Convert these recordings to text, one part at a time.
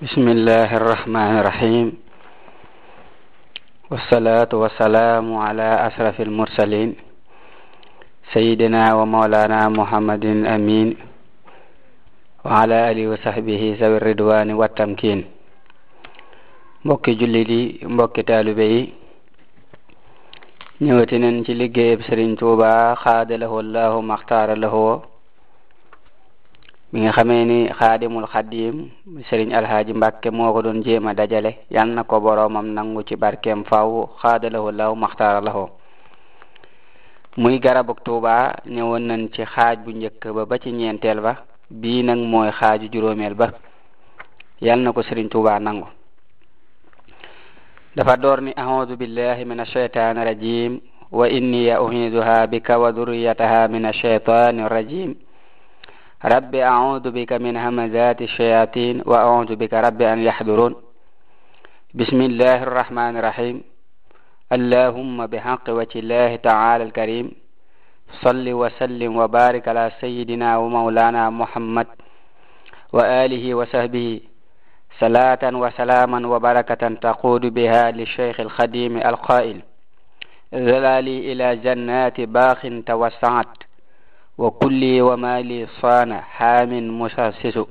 بسم الله الرحمن الرحيم والصلاة والسلام على أشرف المرسلين سيدنا ومولانا محمد أمين وعلى آله وصحبه ذوي الرضوان والتمكين mbokki جلدي yi mbokki taalibe yi ñëwati nañ ci liggéeyab Sëriñ الله xaadalahu allahu maxtaara mi nga xamee ni xaadimul xadim sëriñ alhaaji mbàkke moo ko doon jéem a dajale yal na ko boroomam nangu ci barkem faw xaadalahu law maxtaara lahu muy garabuk tuuba ñëwoon nañ ci xaaj bu njëkk ba ba ci ñeenteel ba bii nag mooy xaaju juróomeel ba yal na ko sëriñ tuuba nangu dafa door ni audu billahi min alcheytaani rajim wa inni uhiduha bika wa duriyataha min alcheytaani rajim رب أعوذ بك من همزات الشياطين وأعوذ بك رب أن يحضرون بسم الله الرحمن الرحيم اللهم بحق وجه الله تعالى الكريم صل وسلم وبارك على سيدنا ومولانا محمد وآله وصحبه صلاة وسلاما وبركة تقود بها للشيخ الخديم القائل زلالي إلى جنات باخ توسعت wa kulli wa mali saana haamin mushassisu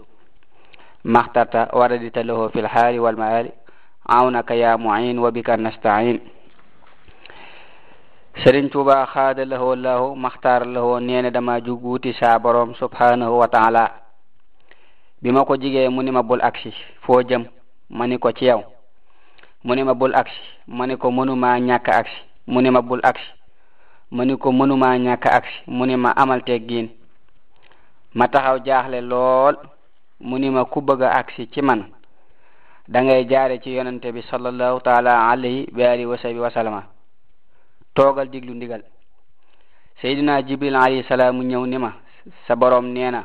maxtarta waradita lahu fi lhaali walmaali awnaka ya muin wa bika nastain Sëriñ Tuuba xaada lahoo lahu maxtaar lahoo nee na dama jug wuti saa borom wa taala bi ma ko jigee mu ni ma bul agsi foo jëm ma ni ko ci yow mu ni ma bul agsi ma ni ko mënumaa ñàkk agsi mu ni ma bul agsi ma ni ko mënumaa ñàkk agsi mu ni ma amal giin ma taxaw jaaxle lool mu ni ma ku bëgg aksi agsi ci man da ngay jaare ci yonente bi sallallahu taala alayhi wa alihi wa toogal diglu ndigal seydina jibril alayhi salaam mu ñëw ni ma sa boroom nee na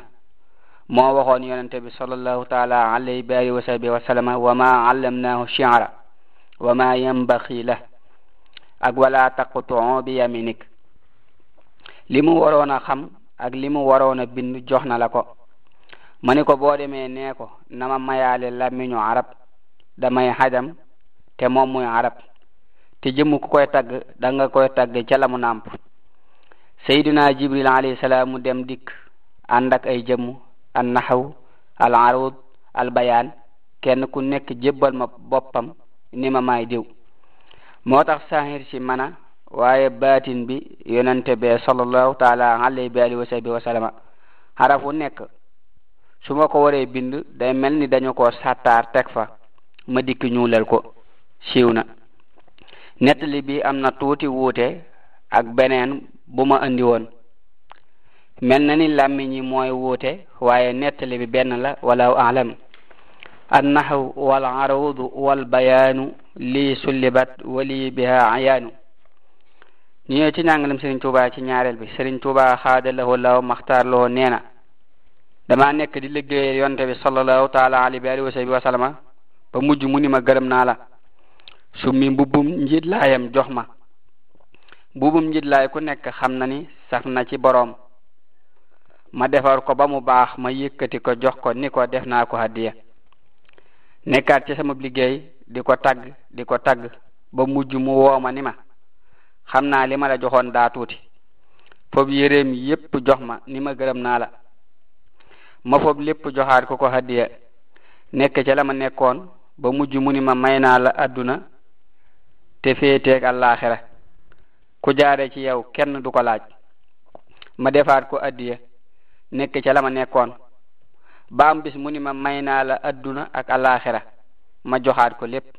moo waxoon yonente bi sallallahu taala alayhi wa alihi wa sahbi wa ma allamnaahu shi'ra wa ma yanbaxi la ak wala taqutu bi yaminik li mu waroon a xam ak li mu waroon a bind jox na la ko ma ni ko boo demee nee ko na ma mayaale làmmiñu arab damay xajam te moom muy arab te jëmm ku koy tagg da koy tagg ca la mu nàmp sayduna jibril alayhi salaam mu dem dikk ànd ay jëmm an naxaw al arud al bayaan kenn ku nekk jébbal ma boppam ni ma maay diw moo tax sahir si mana waaye baatin bi yonente be sallallahu taala alayhi bi alihi wa sahbi wa nekk su ma ko waree bind day mel ni dañu ko sàttaar teg fa ma dikk ñuulal ko siiw na nettali bi am na tuuti wuute ak beneen bu ma andi woon mel na ni làmmiñ yi mooy wuute waaye nettali bi benn la walaw alam annahu wal arawdu wal bayaanu lii sullibat wali biha ayaanu ñu ñëwee ci njàngalem Serigne Touba ci ñaareel bi Serigne Touba xaadalahoo law maxtaar loo nee na nekk di liggéeyal yonte bi sallallahu taala alayhi wa alihi wa ba mujj mu ni ma gërëm naa la summi mbubbum njiit laayam jox ma mbubbum njiit laay ku nekk xam na ni saf na ci boroom ma defar ko ba mu baax ma yëkkati ko jox ko ni ko def naa ko hadiya nekkaat ci sama liggéey di ko tagg di ko tagg ba mujj mu wooma ni ma xam naa li ma la joxoon daa tuuti fob yéreem yépp jox ma ni ma gërëm naa la ma fob lépp joxaat ko ko hadiya nekk ca la ma nekkoon ba mujj mu ni ma may naa la adduna te féeteeg àllaaxira ku jaare ci yow kenn du ko laaj ma defaat ko addiya nekk ca la ma nekkoon ba am mu ni ma may naa la adduna ak àllaaxira ma joxaat ko lépp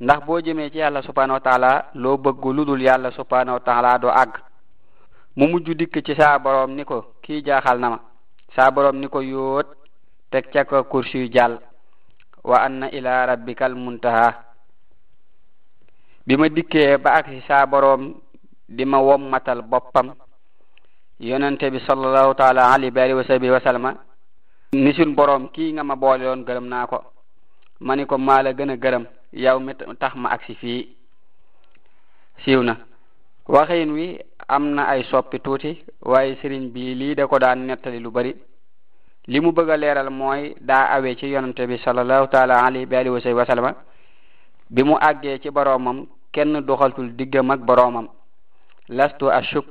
ndax boo jëmee ci yàlla subhanahu wa loo bëgg lu dul yàlla subhanahu wa taala doo àgg mu mujj dikk ci saa boroom ni ko kii jaaxal na ma saa boroom ni ko yóot teg ca ko kursi yu jàll wa anna ila rabbikal muntaha bi ma dikkee ba ak ci saa boroom di ma wom matal boppam yonente bi sallallahu taala alayhi wa sahbihi wa ni suñ boroom kii nga ma boole woon gërëm naa ko ma ni ko maa la gën a gërëm yow mi tax ma aksi fii siiw na waxin wi am na ay soppi tuuti waaye sëriñ bi lii da ko daan nettali lu bari li mu bëgg a leeral mooy daa awee ci yonante bi salallahu taala alayhi bi alihi wa wasallama bi mu àggee ci boroomam kenn doxaltul diggam ak boroomam lastu ashuk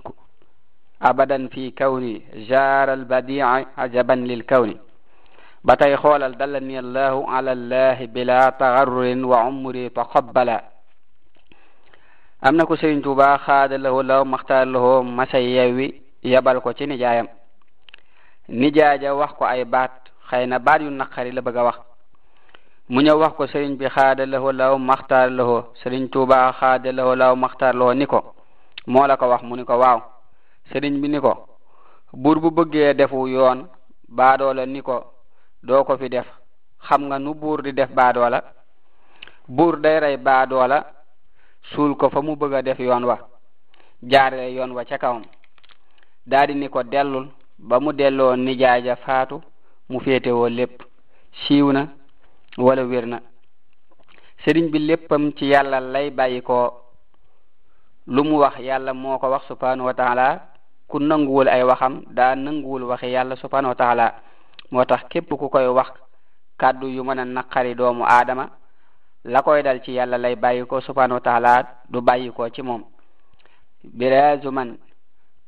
abadan fi kawni jaral badi'a ajaban lil kawni ba tey xoolal dallani allahu ala llahi bila tagarrurin wa umri taqabbala am na ko sëriñ tuuba xaada lahu law maxtaar masa yewwi yabal ko ci nijaayam nijaaja wax ko ay baat xëy na baat yu naqari la bëgg a wax mu ñëw wax ko sëriñ bi xaada lahu law maxtaar lahu sëriñ tuuba xaada lahu law maxtaar lahu ni ko moo ko wax mu ni ko waaw bi ni buur bu bëggee defu yoon baadoo la ni ko doo ko fi def xam nga nu buur di def baadoola buur day rey baadoola suul ko fa mu bëgg a def yoon wa jaaree yoon wa ca kawam daldi ni ko dellul ba mu delloo nijaaja ja faatu mu féetewoo lépp siiw na wala wér na sëriñ bi léppam ci yàlla lay bàyyi ko lu mu wax yàlla moo ko wax subhanahu wa taala ku nanguwul ay waxam daa nanguwul waxi yàlla subhanahu wa moo tax képp ku koy wax kàddu yu mën a naqari doomu aadama la koy dal ci yàlla lay bàyyi ko subhanahu wa taala du bàyyi ko ci moom birazuman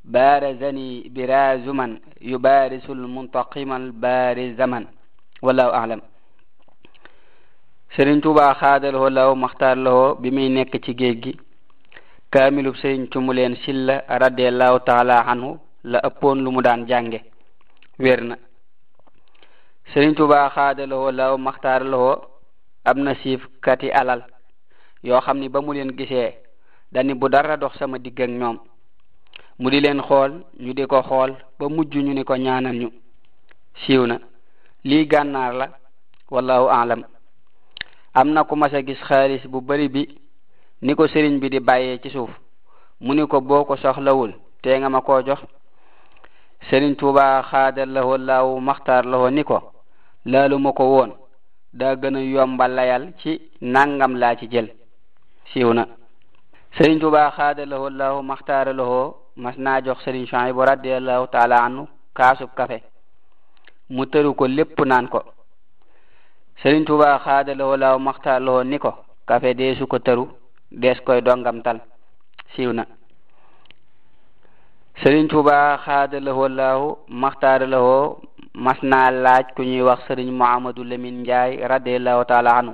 barazani birazuman yubarisul muntaqimal barizaman wallahu alam Sëriñ Tuubaa xaadaloo law maxtaarloo bi muy nekk ci géej gi kaamilub sëriñ leen Silla radiallahu taala anhu la ëppoon lu mu daan jànge wér na sëriñ Tuubaa xaadalawoo law maxtaaralawoo am na siif kati alal yoo xam ni ba mu leen gisee dani bu dara dox sama digg ñoom mu di leen xool ñu di ko xool ba mujj ñu ni ko ñaanal ñu siiw na lii gànnaar la wallahu alam am na ku mas a gis xaalis bu bari bi ni ko sëriñ bi di bàyyee ci suuf mu ni ko boo ko soxlawul tee nga ma koo jox sëriñ Tuubaa xaadalawoo law maxtaaralawoo ni ko laaluma ko woon daa gën a yomba layal ci nangam laa ci jël siiw na sëriñ Tuubaa xaadalahoo laahu maxtaaralahoo mas naa jox sëriñ Suhaybu radiallahu taala anhu kaasub kafe mu tëru ko lépp naan ko sëriñ Tuubaa xaadalahoo laahu maxtaaralahoo ni ko kafe deesu ko tëru dees koy dongamtal siiw na sëriñ Tuubaa xaadalahoo laahu maxtaaralahoo mas naa laaj ku ñuy wax sëriñ Muhammadu Lamin Njaay radiallahu taala anhu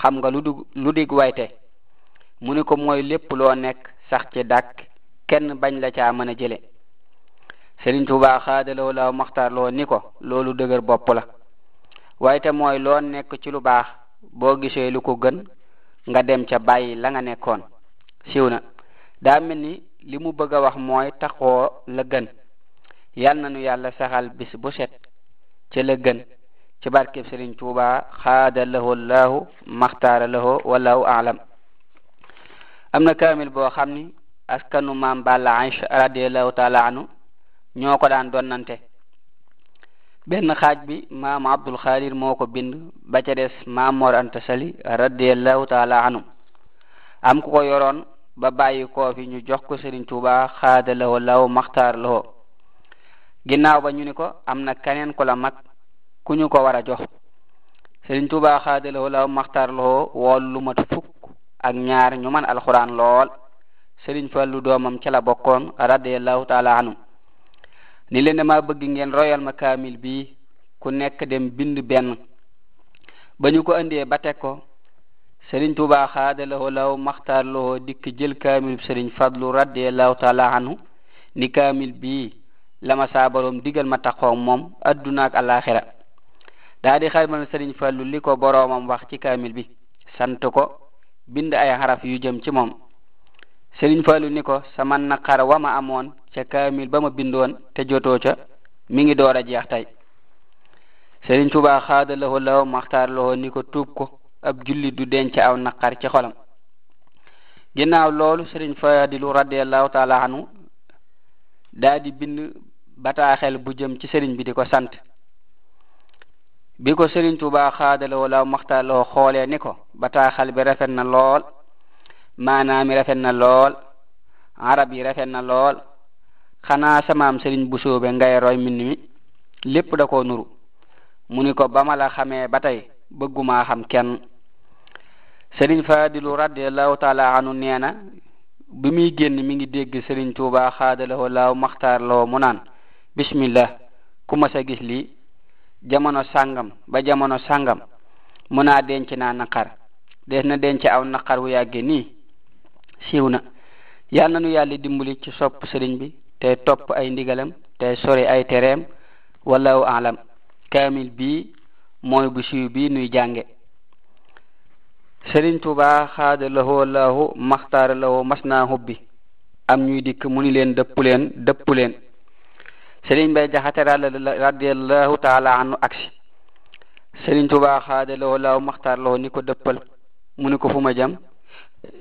xam nga lu dig wayte mu ni ko mooy lépp loo nekk sax ci dàq kenn bañ la ca mën a jële sëriñ Tuubaa xaadalawo law maxtaar loo ni ko loolu dëgër bopp la wayte mooy loo nekk ci lu baax boo gisee lu ko gën nga dem ca bàyyi la nga nekkoon siw na daa mel ni li mu bëgg a wax mooy taxoo la gën yal nanu yàlla saxal bis bu set ci la gën ci barkeb Sëriñ Tuuba xaada lahu llahu maxtaara lahu wallahu aalam am na kaamil boo xam ni askanu maam Balla Aïcha radiallahu taala anu ñoo ko daan donnante benn xaaj bi maam Abdul Xaadir moo ko bind ba ca des maam Mor Anta Sali radiallahu taala anu am ko yoroon ba bàyyi ñu jox ko Sëriñ Tuuba xaada lahu llahu maxtaara lahu ginnaaw ba ñu ni ko am na keneen ku la mag ku ñu ko war a jox Sëriñ Tuubaa xaadalawoo law maxtaar lawoo wool lu fukk ak ñaar ñu man alxuraan lool Sëriñ Fallu doomam ca la bokkoon radiallahu taala anhu ni bëgg ngeen royal ma kaamil bii ku nekk dem bind benn ba ko indee ba teg ko Sëriñ Tuubaa xaadalawoo law dikk jël kaamil Sëriñ Fadlu radiallahu taala la ma saa boroom digal ma taxoog moom adduna ak alaxira daa di xarmal sëriñ Fallu li ko boroomam wax ci kaamil bi sant ko bind ay xaraf yu jëm ci moom sëriñ Fallu ni ko sama naqar wa ma amoon ca kaamil ba ma bindoon te jotoo ca mi ngi door a jeex tey sëriñ Tuubaa xaada lawo law maxtaar lawoo ni tuub ko ab julli du denc aw naqar ci xolam ginnaaw loolu sëriñ Fadilu radiallahu taala anhu daa di bind bataaxel bu jëm ci sëriñ bi di ko sant bi ko sëriñ Tuubaa xaadaloo la maxtaloo xoolee ni ko bataaxal bi rafet na lool maanaam yi rafet na lool arab yi rafet na lool xanaa samaam sëriñ bu soobe ngay roy mbind mi lépp da ko nuru mu ni ko ba ma la xamee ba tey bëggumaa xam kenn sëriñ Faadilu radiallahu taala anu nee na bi muy génn mi ngi dégg sëriñ Tuubaa xaadaloo laaw maxtaar loo mu naan bismillah ku mas a gis lii jamono sàngam ba jamono sàngam mun naa denc na naqar des na denc aw naqar wu yàgge nii siiw na yal na nu yàlla dimbali ci sopp sëriñ bi te topp ay ndigalam te sori ay tereem wallahu alam kaamil bii mooy bu siiw bii nuy jànge sëriñ Tuubaa xaada lahoo maxtaara lahoo mas naa hubbi am ñuy dikk mu ni leen dëpp leen dëpp leen Sëriñ Bay Jaxate radiallahu taala anhu aksi Sëriñ Tuubaa xaada loo laaw maxtaar ni ko dëppal mu ni ko fu ma jëm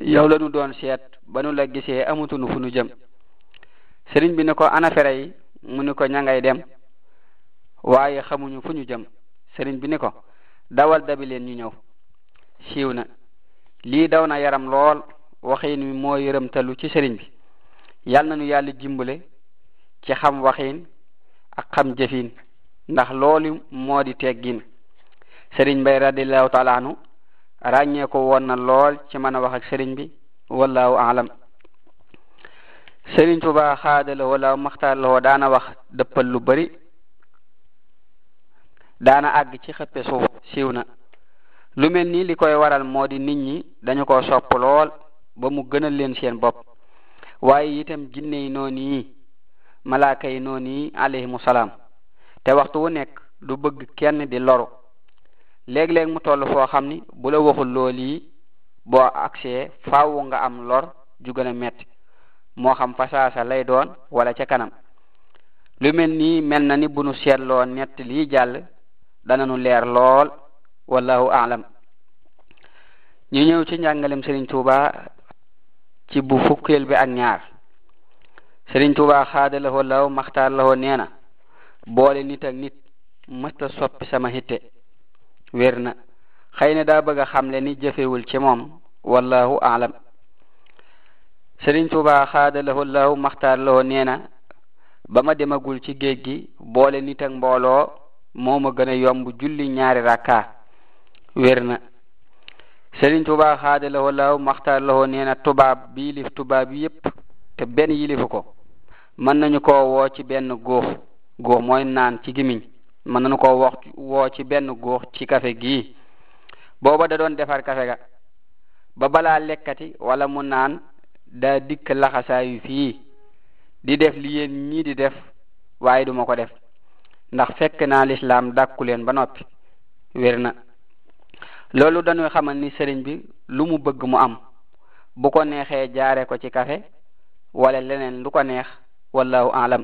yow lañu doon seet ba nu la gisee amutunu fu nu jëm sëriñ bi ni ko ana mu ni ko ña dem waaye xamuñu fu ñu jëm sëriñ bi ni ko dawal dabi leen ñu ñëw siiw na lii daw na yaram lool waxiin wi moo yërëmtalu ci sëriñ bi yal na nu yàlla jimbale ci xam waxin ak xam jëfin ndax loolu moo di teggin sëriñ mbay radiallahu taala anu ràññee ko woon na lool ci mën a wax ak sëriñ bi wallahu alam sëriñ tuba xaadala wala maxtaar daana wax dëppal lu bari daana àgg ci xëppe suuf siiw na lu mel ni li koy waral moo di nit ñi dañu ko sopp lool ba mu gënal leen seen bopp waaye itam jinne yi noonu malaakay yi noonu yi salaam te waxtu wu nekk du bëgg kenn di loru léeg-léeg mu toll foo xam ni bu la waxul lool yi boo aksee faaw nga am lor ju gën a metti moo xam fasaasa lay doon wala ca kanam lu mel nii mel na ni bu nu seetloo nett lii jàll dana nu leer lool wallahu aalam ñu ñëw ci njàngalem Sëriñ Tuuba ci bu fukkeel bi ak ñaar Sëriñ Tuubaa xaada la law maxtaar la nee na boole nit ak nit mësta soppi sama hitte wér na xëy na daa bëgg a xamle ni jëfewul ci moom wallahu alam Sëriñ Tuubaa xaada la law maxtaar la nee na ba ma demagul ci géej gi boole nit mbooloo moo gën a yomb julli ñaari rakka wér na Sëriñ Tuubaa xaada la law maxtaar la tubaab bi yilif tubaab yépp te benn yilifu ko mën nañu ko woo ci benn góox góox mooy naan ci gimiñ mën nañu ko wax woo ci benn góox ci kafe gii booba da doon defar kafe ga ba balaa lekkati wala mu naan daa dikk laxasaayu fii di def li yéen ñii di def waaye duma ko def ndax fekk naa lislaam dàkku leen ba noppi wér na loolu dañuy xamal ni sëriñ bi lu mu bëgg mu am bu ko neexee jaare ko ci kafe walla leneen lu ko neex wallahu alam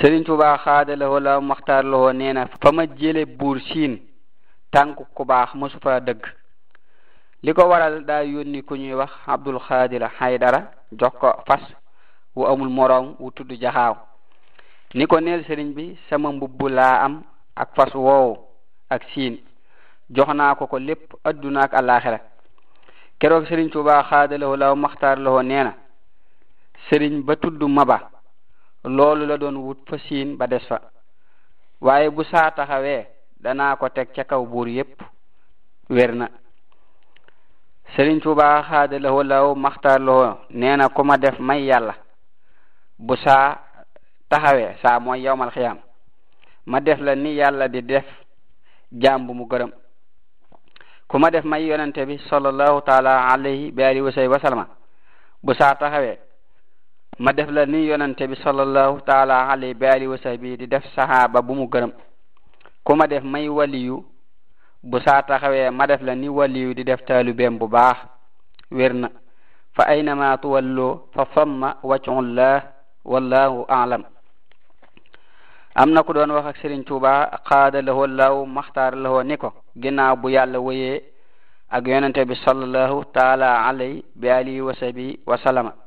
Serigne Touba xaada la wala maxtaar la nee na fa ma jële buur siin tànk ku baax mosu fa dëgg li ko waral daa yónni ku ñuy wax abdul xaadira haydara jox ko fas wu amul morom wu tudd jaxaaw ni ko neel sëriñ bi sama mbubb laa am ak fas woow ak siin jox naa ko ko lépp adduna ak alaxira keroog sëriñ tuba xaadalawo law maxtaar lawo nee na sëriñ ba tudd maba loolu la doon wut fa siin ba des fa waaye bu saa taxawee danaa ko teg ca kaw buur yépp wér na sëriñ Tuubaa xaada lawo law maxtaar lawo nee na ku ma def may yàlla bu saa taxawee saa mooy yawmal xiyaam ma def la ni yàlla di def jaam bu mu gërëm ku ma def may yonente bi sallallahu taala alayhi bi alihi wa bu saa taxawee ma def la ni yonante bi sallallahu taala alayhi bi alihi wa sahbi di def sahaaba bu mu gërëm ku ma def may waliyu bu saa taxawee ma def la ni waliyu di def taalubeem bu baax wér na fa aynama tuwalloo fa famma wajhullah wallahu alam amna ku doon wax ak Serigne Touba xaada lahoo law maxtaar lahoo ni ko ginnaaw bu yàlla wéyee ak yonente bi sallallahu taala alay bi alihi wa sahbi wa salama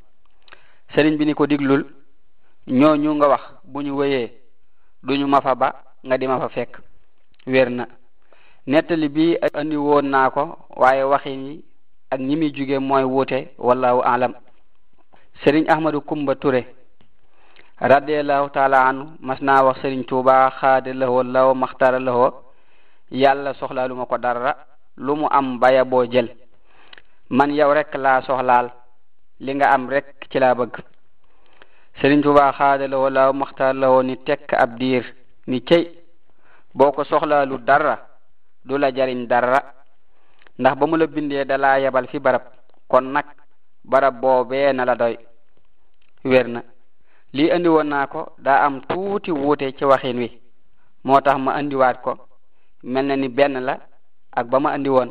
sëriñ bi ni ko diglul ñooñu nga wax bu ñu wéyee duñu ma fa ba nga di mafa fekk wér na nettali bi andi woon naa ko waaye waxin yi ak ñi muy jóge mooy wuute wallahu alam sëriñ ahmadu kumba ture radiallahu taala anhu mas naa wax sëriñ tuuba xaada lahoo law maxtara lahoo yàlla soxlaalu ko dara lu mu am baya boo jël man yow rek laa soxlaal li nga am rek ci laa bëgg Sëriñ tuba xaada wala maxtaar la ni tekk ab diir ni cey boo ko soxlaalu dara du la jariñ dara ndax ba mu la bindee la yebal fi barab kon nag barab boobee na la doy wér na lii andi woon naa ko daa am tuuti wuute ci waxin wi moo tax ma andiwaat ko mel na ni benn la ak ba ma andi woon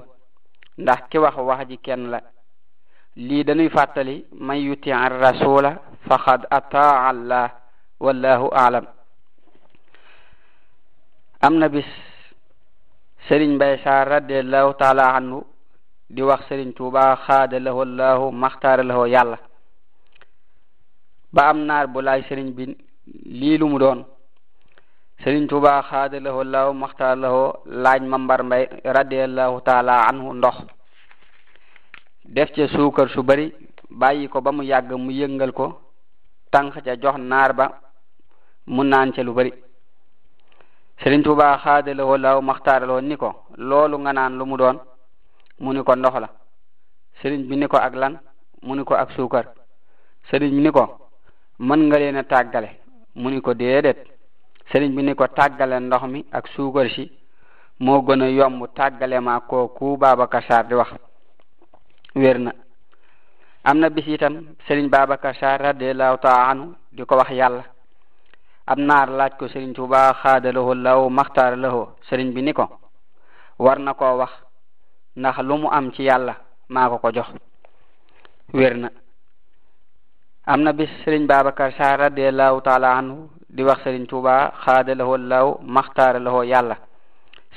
ndax ki wax wax ji kenn la li dañuy fàttali man yuti an rasula faqad ataa allah wallahu aalam am na bis sëriñ mbay saar radiallahu taala anhu di wax sëriñ tuuba xaada lahu allahu maxtaara lahu yàlla ba am naar bu laaj sëriñ bi lii lu mu doon sëriñ tuuba xaada lahu allahu maxtaara lahu laaj ma mbar mbay radiallahu taala anhu ndox def ce suukar su bari bàyyi ko ba mu yàgg mu yëngal ko tànq ca jox naar ba mu naan ca lu bari Sëriñ Tuubaa xaadalawoo law maxtaaraloo ni ko loolu nga naan lu mu doon mu ni ko ndox la sëriñ bi ni ko ak lan mu ni ko ak suukar sëriñ bi ni ko mën nga leen a tàggale mu ni ko déedéet sëriñ bi ni ko tàggale ndox mi ak suukar si moo gën a yomb tàggale ma koo ku Babacar Sarr di wax wér na am na bis itam Serigne Babacar Sarr radiallahu taala anhu di ko wax yàlla am naar laaj ko Serigne Touba xaadalaho law maxtaar laho Serigne bi ni ko war na koo wax ndax lu mu am ci yàlla maa ko ko jox wér na am na bis Serigne Babacar Sarr radiallahu taala anhu di wax Serigne Touba xaadalaho law maxtaar laho yàlla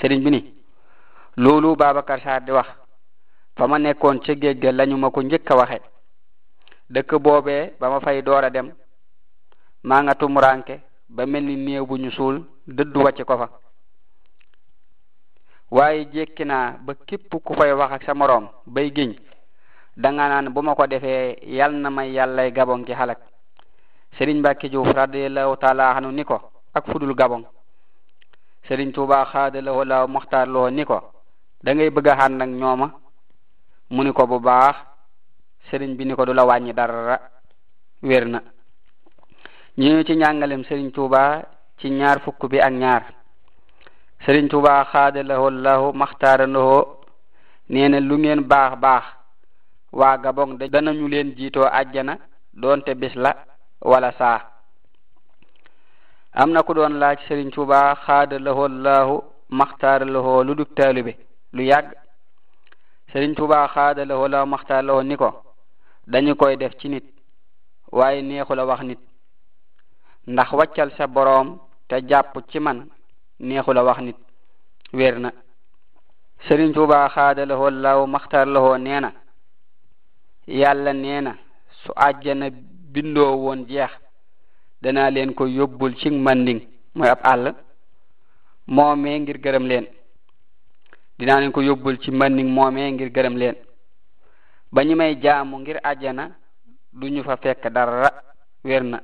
Serigne bi ni loolu Babacar Sarr di wax fa ma nekkoon ca géej ga lañu ma ko njëkk a waxe dëkk boobee ba ma fay door a dem maa nga tumuranke ba mel ni néew bu ñu suul dëddu wàcc ko fa waaye jékki naa ba képp ku fay wax ak sa moroom bay giñ danga naan bu ma ko defee yal na may yàllay gabon ki xalak Sëriñ Mbàkke Juuf radiyallahu taala anu ni ko ak fudul gabon Sëriñ Tuubaa xaadalawoo la moxtaarloo ni ko da ngay bëgg nag ñooma mu ni ko bu baax sëriñ bi ni ko du la wàññi dara wér na ñëw ci njàngaleem sëriñ tuuba ci ñaar fukk bi ak ñaar sëriñ tuuba xaadalahu llahu maxtaaranahu nee na lu ngeen baax baax waa gaboŋ danañu leen jiitoo àjjana doonte bis la wala saa am na ku doon laa ci sëriñ tuuba xaadalahu llahu maxtaaralahu lu dug taalibe lu yàgg serigne touba xaada la wala maxtaar la woon ni ko dañu koy def ci nit waaye neexu la wax nit ndax waccal sa boroom te jàpp ci man neexu la wax nit wér na sëriñ tuba xaada la wala maxtaar la woon nee na yàlla nee na su àjjana bindoo woon jeex dana leen ko yóbbul ci manding mooy ab àll moomee ngir gërëm leen dinaa leen ko yóbbul ci manning moomee ngir gërëm leen ba ñu may jaamu ngir àjjana duñu fa fekk dara wér na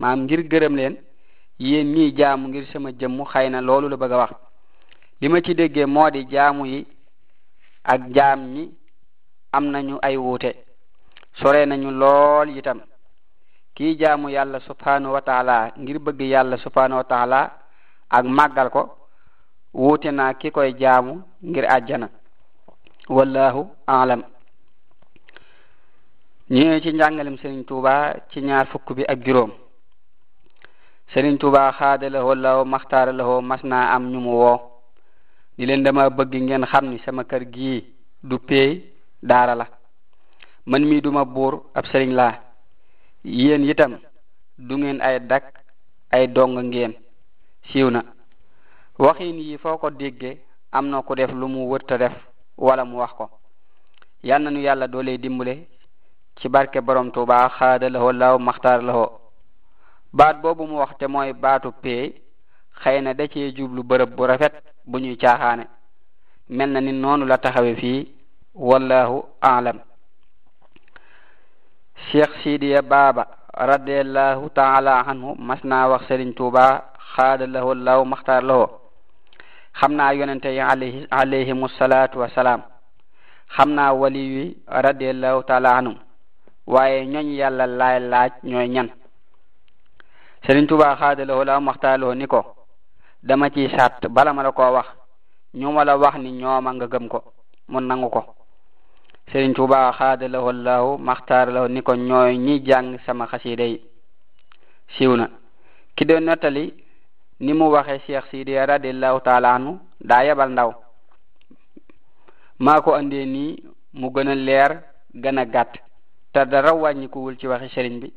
maam ngir gërëm leen yéen ñii jaamu ngir sama jëmm xëy na loolu la bëgg a wax li ma ci déggee moo di jaamu yi ak jaam ñi am nañu ay wuute sore nañu lool itam kii jaamu yàlla subhanahu wa taala ngir bëgg yàlla subhanahu wa taala ak màggal ko wuute naa ki koy jaamu ngir àjjana wallahu alam ñëwee ci njàngalem Serigne Touba ci ñaar fukk bi ak juróom sëriñ Touba xaada la wala mas naa am ñu woo di leen dama bëgg ngeen xam ni sama kër gi du peey daara la man mii duma buur ab sëriñ laa yéen itam du ngeen ay dak ay dong ngeen siiw na waxin yii foo ko déggee am na ku def lu mu wërta def wala mu wax ko yal na nu yàlla doole dimbale ci barke borom Tuuba xaada lahoo laaw maxtaar lahoo baat boobu mu wax te mooy baatu pee xëy na da ci jublu bërëb bu rafet bu ñuy caaxaane mel na ni noonu la taxawe fii wallahu aalam cheikh sidiya baaba radiallahu taala anhu mas naa wax sëriñ Tuuba xaada lahoo laaw maxtaar lahoo xam naa yonente yi alayhi alayhimu salaatu xam naa wali yi radiallahu taala anhum waaye ñooñ yàlla laay laaj ñooy ñan Sëriñ Tuubaa xaadalawoo la maxtaaloo ni ko dama ci sàtt bala ma la ko wax ñu ma la wax ni ñooma nga gëm ko mu nangu ko Sëriñ Tuubaa xaadalawoo laaw maxtaaralawoo ni ko ñooy ñi jàng sama xasida yi siiw na ki doon ni mu waxe cheikh sidiya radiallahu taala anhu daa yabal ndaw maa ko andee nii mu gën a leer gën a gàtt te dara wàññikuwul ci waxi sëriñ bi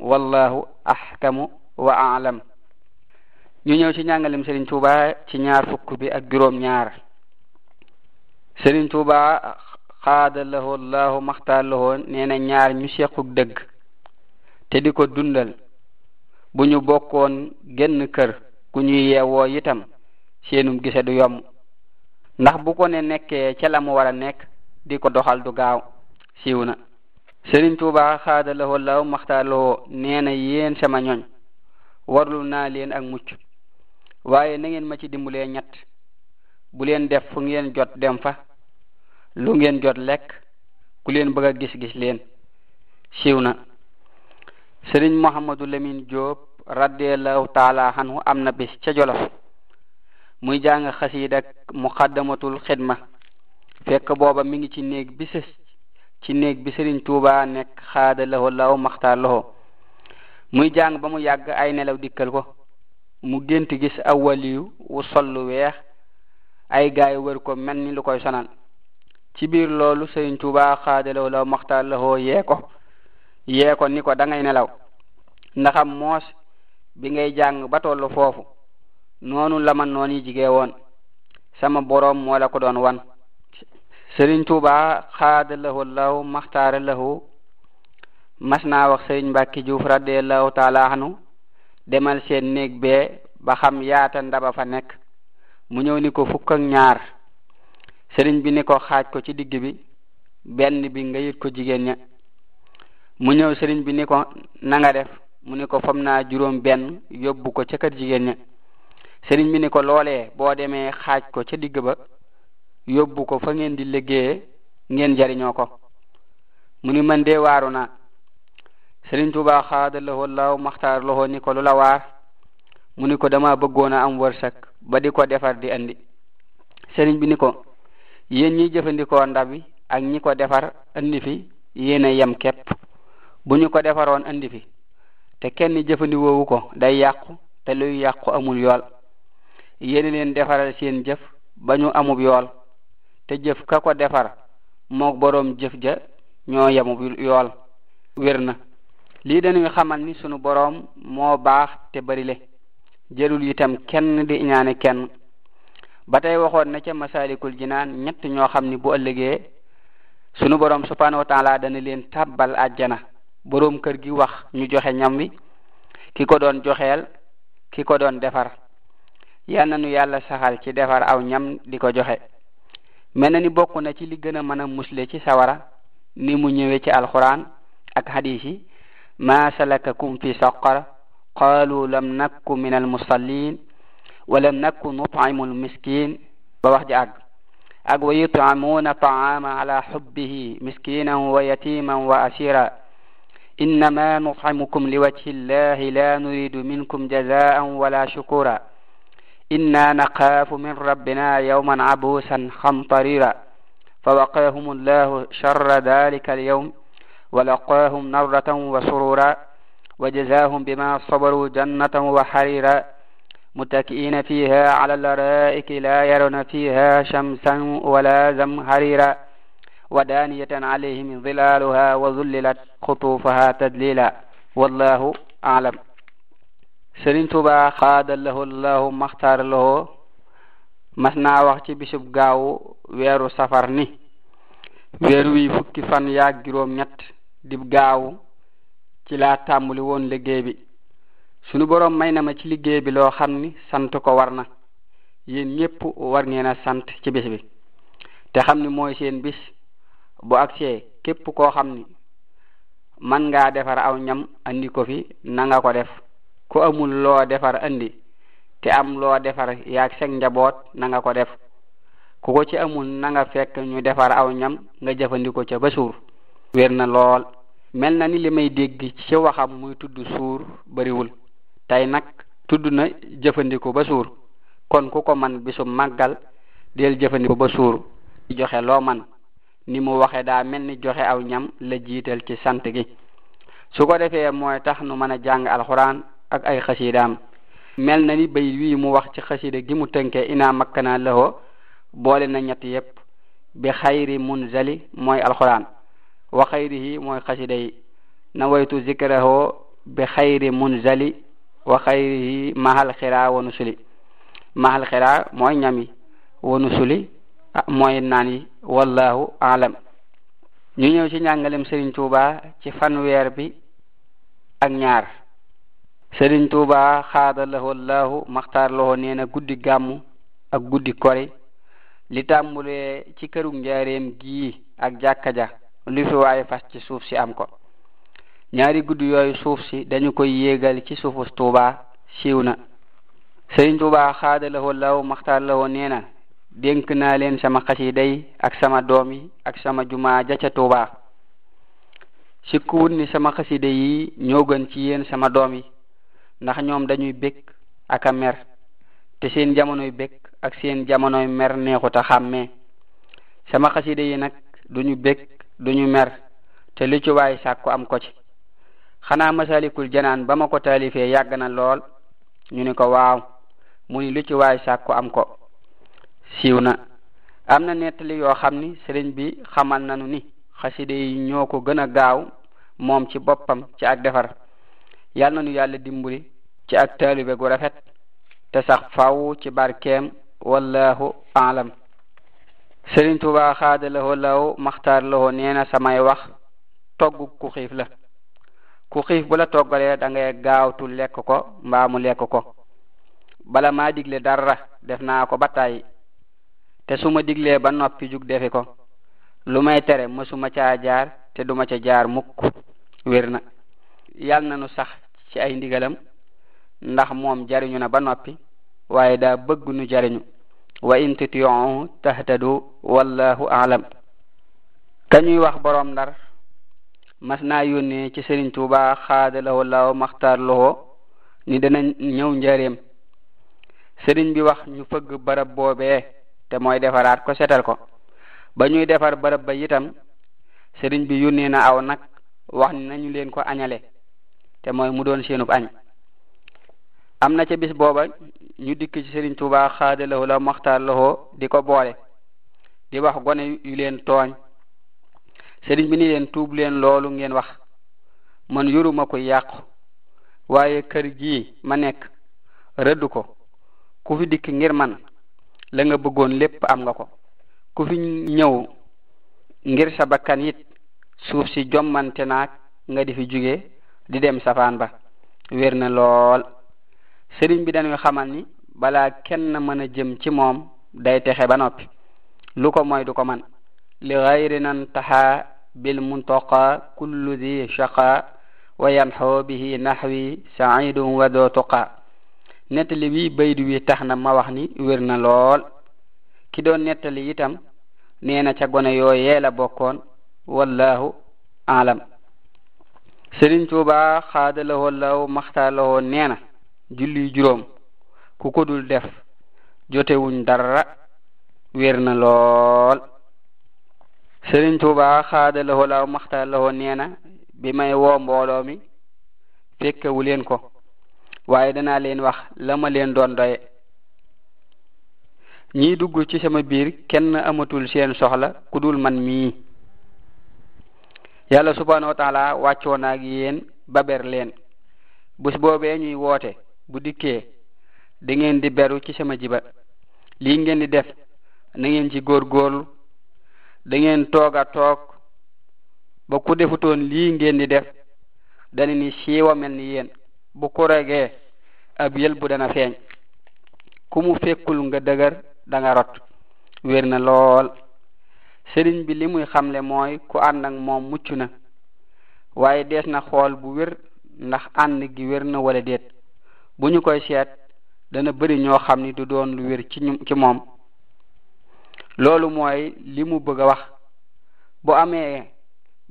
wallahu ahkamu wa aalam ñu ñëw ci njàngalem sëriñ tuuba ci ñaar fukk bi ak juróom ñaar sëriñ tuuba xaada lahoo laahu lahoo nee na ñaar ñu sequk dëgg te di ko dundal bu ñu bokkoon genn kër ku ñuy yeewoo itam seenum gise du yomb ndax bu ko ne nekkee ca la mu nekk di ko doxal du gaaw siiw na sëriñ tuuba xaadalawoo law maxtaarlawoo nee yéen sama ñooñ warlu naa leen ak mucc waaye na ngeen ma ci dimbulee ñett bu leen def ngeen jot dem fa lu ngeen jot lekk ku leen bëgg a gis-gis na radiallahu taala anhu am na bis ca jolof muy jàng xasiid ak muqaddamatul xidma fekk booba mi ngi ci néeg bi sës ci néeg bi sëriñ tuuba nekk xaada laho law maxtaar laho muy jàng ba mu yàgg ay nelaw dikkal ko mu gént gis aw waliyu wu sol lu weex ay gaay wër ko mel ni lu koy sonal ci biir loolu sëriñ tuuba xaada laho law maxtaar laho yee ko yee ko ni ko da ngay nelaw ndaxam moos bi ngay jàng ba tollu foofu noonu la ma noonu jigee woon sama boroom moo la ko doon wan sëriñ tuuba xaada lahu law maxtaara lahu mas naa wax sëriñ mbàkki juuf radiallahu taala anhu demal seen néeg bee ba xam yaata ndaba fa nekk mu ñëw ni ko fukk ñaar sëriñ bi ni ko xaaj ko ci digg bi benn bi nga yit ko jigéen ña mu ñëw sëriñ bi ni ko na def mu ne ko fam naa juróom benn yóbbu ko ca kër jigéen ña sëriñ bi ni ko loolee boo demee xaaj ko ca digg ba yóbbu ko fa ngeen di liggéeye ngeen jariñoo ko mu ni man dee waaru naa sëriñ Tuubaa xaada lahoo law maxtaar lahoo ni ko lu la waar mu ni ko dama bëggoon a am wërsëg ba di ko defar di indi sëriñ bi ni ko yéen ñiy jëfandikoo ndabi ak ñi ko defar andi fi yéen a yem képp bu ñu ko defaroon andi fi te kenn jëfandikoowu ko day yàqu te luy yàqu amul yool yéen leen defaral seen jëf ba ñu amub yool te jëf ka ko defar mook boroom jëf ja ñoo yemub yool wér na lii dañuy xamal ni sunu boroom moo baax te bërile jëlul yitam kenn di ñaane kenn ba tey waxoon na ca masalikul jinaan ñett ñoo xam ni bu ëllëgee sunu boroom subhanahu wa taala dana leen tàbbal àjjana boroom kër gi wax ñu joxe ñam wi ki ko doon joxeel ki ko doon defar yal na nu yàlla saxal ci defar aw ñam di ko joxe mel na ni bokk na ci li gën a mën a musle ci sawara mi mu ñëwee ci alxuraan ak hadis yi ma salakakum fi saqar qaalu lam nakku min almusallin wa lam nakku nut'imu almiskin ba wax ji àgg ak wa yut'amuuna ta'aama ala xubbihi miskinan wa yatiman wa asira إنما نطعمكم لوجه الله لا نريد منكم جزاء ولا شكورا إنا نخاف من ربنا يوما عبوسا خمطريرا فوقاهم الله شر ذلك اليوم ولقاهم نظرة وسرورا وجزاهم بما صبروا جنة وحريرا متكئين فيها على الأرائك لا يرون فيها شمسا ولا زمهريرا wa daaniyatan alayhim dilaaluha wa zullilat xutuufaha tadlila wallahu aalam Sëriñ Tuubaa xaada lahu llahu maxtaar lahu mas naa wax ci bisub gaawu weeru safar ni weer wi fukki fan yaag juróom ñett dib gaawu ci la tàmbali woon liggéey bi sunu boroom may na ma ci liggéey bi loo xam ni sant ko war na yéen war ngeen a sant ci bis bi te xam ni mooy seen bis bo aksé képp koo xam ni man ngaa defar aw ñam andi ko fi na nga ko def ku amul loo defar andi te am loo defar yaag seg njaboot na nga ko def ku ko ci amul na nga fekk ñu defar aw ñam nga jëfandiko ca ba suur wér na lool mel na ni li may dégg ci waxam muy tudd suur bariwul tey nag tudd na jëfandiko ba suur kon ku ko man bisu màggal del jëfandiko ba suur joxe loo man ni mu waxe daa mel ni joxe aw ñam la jiital ci sant gi su ko defee mooy tax nu mën a jàng alxuraan ak ay xasiidaam mel na ni bayit wii mu wax ci xasiida gi mu tënkee ina makkanaa lahoo boole na ñett yépp bi xayri munzali mooy alxuraan wa xayrihi mooy xasida yi na waytu zikrahoo bi xayri munzali wa xayrihi mahal xiraa wa nusuli mahal xiraa mooy ñami wa nusuli ah mooy naan yi wallahu alam ñu ñëw ci njàngalem Serigne Touba ci fanweer bi ak ñaar sëriñ Touba xaada lahoo laahu maxtaar lahoo nee guddi gàmmu ak guddi kori li tàmbulee ci kërug njaareem gii ak jàkka ja lu fi waaye fas ci suuf si am ko ñaari guddi yooyu suuf si dañu koy yéegal ci suufus tuuba siiw na Serigne Touba xaada lahoo laahu maxtaar lahoo nee dénk naa leen sama xasida yi ak sama doom yi ak sama jumaa ja ca Tuubaa sikkuwut ni sama xasida yi ñoo gën ci yéen sama doom yi ndax ñoom dañuy bëgg ak a te seen jamonoy bëgg ak seen jamonoy mer neexut a xàmmee sama xasida yi nag duñu bëgg duñu mer te lu ci waay sàkku am ko ci xanaa masalikul janaan ba ma ko taalifee yàgg na lool ñu ni ko waaw mu ni lu ci waay sàkku am ko siiw na am na nettali yoo xam ni sëriñ bi xamal nanu ni xaside yi ñoo ko gën a gaaw moom ci boppam ci ak defar yal na nu yàlla dimbali ci ak taalibe gu rafet te sax faw ci barkeem wallahu alam sëriñ Tuubaa xaada lahoo law maxtaar lahoo nee na samay wax togg ku xiif la ku xiif bu la toggalee da ngay gaawtu lekk ko mbaa mu lekk ko bala maa digle dara def naa ko ba te su ma diglee ba noppi jug defi ko lu may tere masuma caa jaar te duma ca jaar mukk wér na yal na nu sax ci ay ndigalam ndax moom jariñu na ba noppi waaye daa bëgg nu jariñu wa in tutiuhu tahtadu wallahu aalam kañuy wax boroom ndar mas naa yónnee ci Sëriñ Tuubaa xaadalawo laaw maxtaar lowoo ni dana ñëw njareem sëriñ bi wax ñu fëgg barab boobee te mooy defaraat ko setal ko ba ñuy defar barab ba itam sëriñ bi yónnee na aw nag wax nañu leen ko añale te mooy mu doon seenub añ am na ca bis booba ñu dikk ci sëriñ Tuubaa lahu la maxtaar lawoo di ko boole di wax gone yu leen tooñ sëriñ bi ni leen tuub leen loolu ngeen wax man yoruma ko yàqu waaye kër gii ma nekk rëdd ko ku fi dikk ngir man la nga bëggoon lépp am nga ko ku fi ñëw ngir sa bakkan it suuf si jommante naag nga di fi jóge di dem safaan ba wér na lool sëriñ bi dañuy xamal ni balaa kenn mën a jëm ci moom day texe ba noppi lu ko mooy du ko man li gayri nan taxa bil muntaqa kullu di shaqa wa yanxoo bihi naxwi saidun wa doo tuqa nettali wi bayd wi tax na ma wax ni wér na lool ki doon nettali itam nee na ca gone yooyee la bokkoon wallahu alam Sëriñ Tuubaa xaadalawoo law maxtaalawoo nee na julli juróom ku ko dul def jotewuñ dara wér na lool Sëriñ Tuubaa xaadalawoo law maxtaalawoo nee na bi may woo mbooloo mi fekkewu leen ko waaye danaa leen wax la ma leen doon doye ñii dugg ci sama biir kenn amatul seen soxla ku dul man mii yàlla subhanahu wa taala wàccoo naa ak yéen baber leen bés boobee ñuy woote bu dikkee da ngeen di beru ci sama jiba lii ngeen di def na ngeen ci góor da dangeen toog a toog ba ku defutoon lii ngeen di def dana ni siiwa mel ni yéen bu korogee ab yël bu dana feeñ ku mu fekkul nga dëgër da rot wér na lool sëriñ bi li muy xamle mooy ku àndak moom mucc na waaye dees na xool bu wér ndax ànd gi wér na wala déet bu ñu koy seet dana bari ñoo xam ni du doon lu wér ci ñu ci moom loolu mooy li mu bëgg a wax bu amee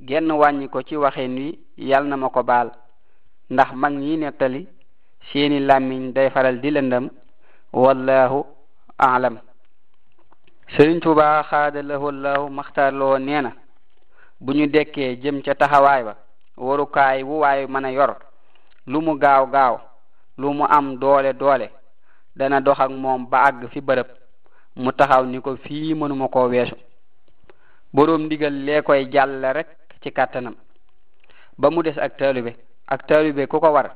genn wàññi ci waxin wi yal na ma ko baal ndax mag ñi nettali seeni làmmiñ day faral di lëndam wallahu aalam sëriñ Tuubaa xaada lahu nee na bu ñu dekkee jëm ca taxawaay ba warukaay wu waay mën a yor lu mu gaaw gaaw lu mu am doole doole dana dox ak moom ba àgg fi bërëb mu taxaw ni ko fii mënuma koo weesu boroom ndigal lee koy jàll rek ci kàttanam ba mu des ak taalibe ak taalibe ku ko war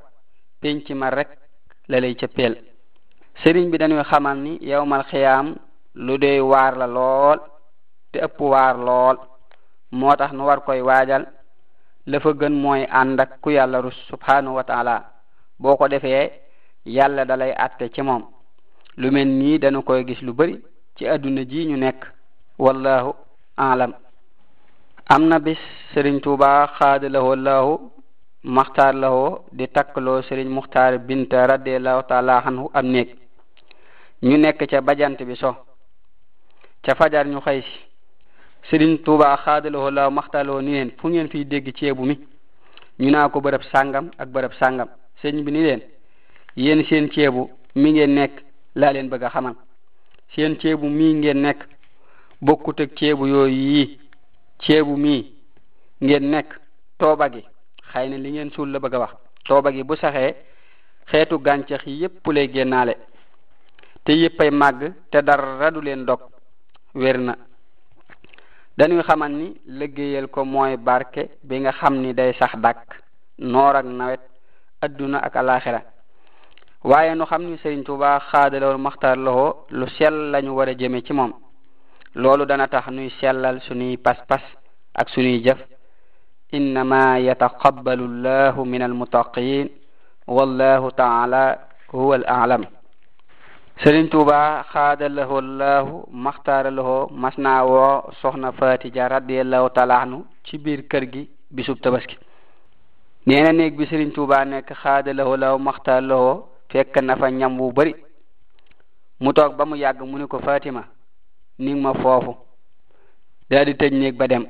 penc ma rek la lay cëppeel sëriñ bi dañuy xamal ni yowmal xiyaam lu doy waar la lool te ëpp waar lool moo tax nu war koy waajal la gën mooy ànd ku yàlla rus subhanahu boo ko defee yàlla dalay atte ci moom lu mel nii danu koy gis lu bari ci àdduna ji ñu nekk wallahu alam am na bis sëriñ tuuba xaadalawallaahu maxtaar lawoo di takkaloo sëriñ muxtaar binta radiallahu taala anhu am néeg ñu nekk ca bajant bi so ca fajar ñu xëy si sëriñ tuuba xaadalawoo laaw maxtaarlawoo ni leen fu ngeen fi dégg ceebu mi ñu naa ko bërëb sàngam ak bërëb sàngam sëriñ bi ni leen yéen seen ceebu mi ngeen nekk laa leen bëgg a xamal seen ceebu mii ngeen nekk bokkut ak ceebu yooyu yi ceebu mi ngeen nekk tooba gi xëy na li ngeen suul la bëgg a wax tooba gi bu saxee xeetu gàncax yi yépp lay génnaale te yéppay màgg te dara du leen dog wér na dañuy xamal ni liggéeyal ko mooy barke bi nga xam ni day sax dàkk noor ak nawet adduna ak alaxira waaye nu xam ni Sëriñ Tuubaa xaadalawul maxtaar loxo lu sell lañu war a jëme ci moom loolu dana tax nuy sellal suñuy pas-pas ak suñuy jëf إنما يتقبل الله من المتقين والله تعالى هو الأعلم سرين توبا خاد له الله مختار له مسنا و فاتي فاتجا رضي الله تعالى عنه تبير كرغي بسوب تبسك نينا نيك بسرين توبا نيك خاد له الله مختار له فيك نفا نيامو بري متوك بامو ياغ مونيكو فاتيما نيك ما فوفو دادي تجنيك بدم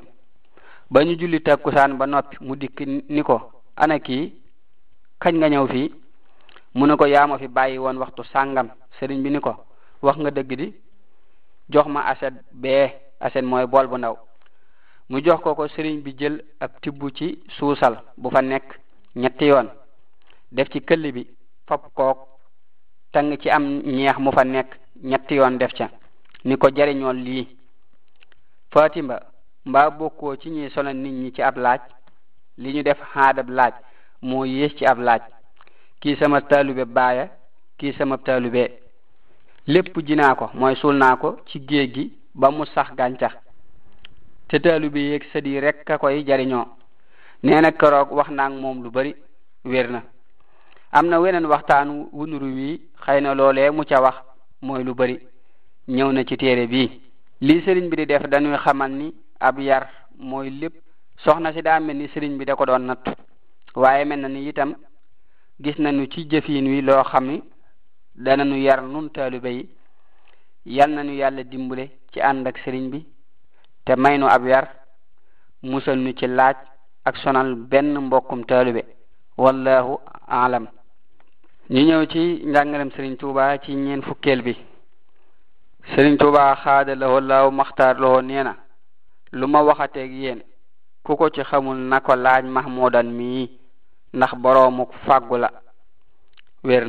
ba ñu julli takkusaan ba noppi mu dikk ni ko ana kii kañ nga ñëw fii mu ne ko yaa fi bàyyi woon waxtu sàngam sëriñ bi ni ko wax nga dëgg di jox ma aset bee aset mooy bool bu ndaw mu jox ko ko sëriñ bi jël ab tibb ci suusal bu fa nekk ñetti yoon def ci këll bi fab kook tàng ci am ñeex mu fa nekk ñetti yoon def ca ni ko jariñoon lii fatimba mbaa bokkoo ci ñuy sonal nit ñi ci ab laaj li ñu def xaadab laaj moo yées ci ab laaj kii sama taalube baaya kii sama taalube lépp ji naa ko mooy suul naa ko ci géej gi ba mu sax gàncax te taalube yeeg sët yi rekk a koy jariñoo nee na keroog wax naa moom lu bari wér na am na weneen waxtaan wu nuru wi xëy na loolee mu ca wax mooy lu bari ñëw na ci téere bii lii sëriñ bi di def dañuy xamal ni ab yar mooy lépp soxna si daa mel ni sëriñ bi da doon nattu waaye mel na ni itam gis nañu ci jëfin wi loo xam ni danañu yar nun taalibe yi yal nañu yàlla dimbale ci ànd ak sëriñ bi te may nu ab yar musal nu ci laaj ak sonal benn mbokkum taalibe wallahu alam ñu ñëw ci njàngalem sëriñ Tuuba ci ñeen fukkeel bi sëriñ Tuuba xaada lahoo laaw maxtaar lahoo nee na lu ma waxateeg yéen ku ko ci xamul na ko laaj mahmudan mii ndax boroomuk fàggu la wér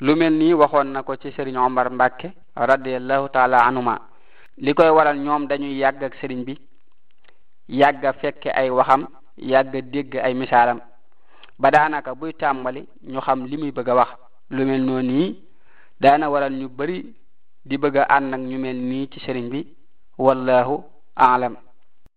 lu mel nii waxoon na ko ci sëriñ Omar Mbàkke radiallahu taala anhuma li koy waral ñoom dañuy yàgg ak sëriñ bi yàgg a fekke ay waxam yàgg a dégg ay misaalam ba daanaka buy tàmbali ñu xam li muy bëgg a wax lu mel noonu nii daana waral ñu bari di bëgg a ànd ak ñu mel nii ci sëriñ bi wallahu أعلم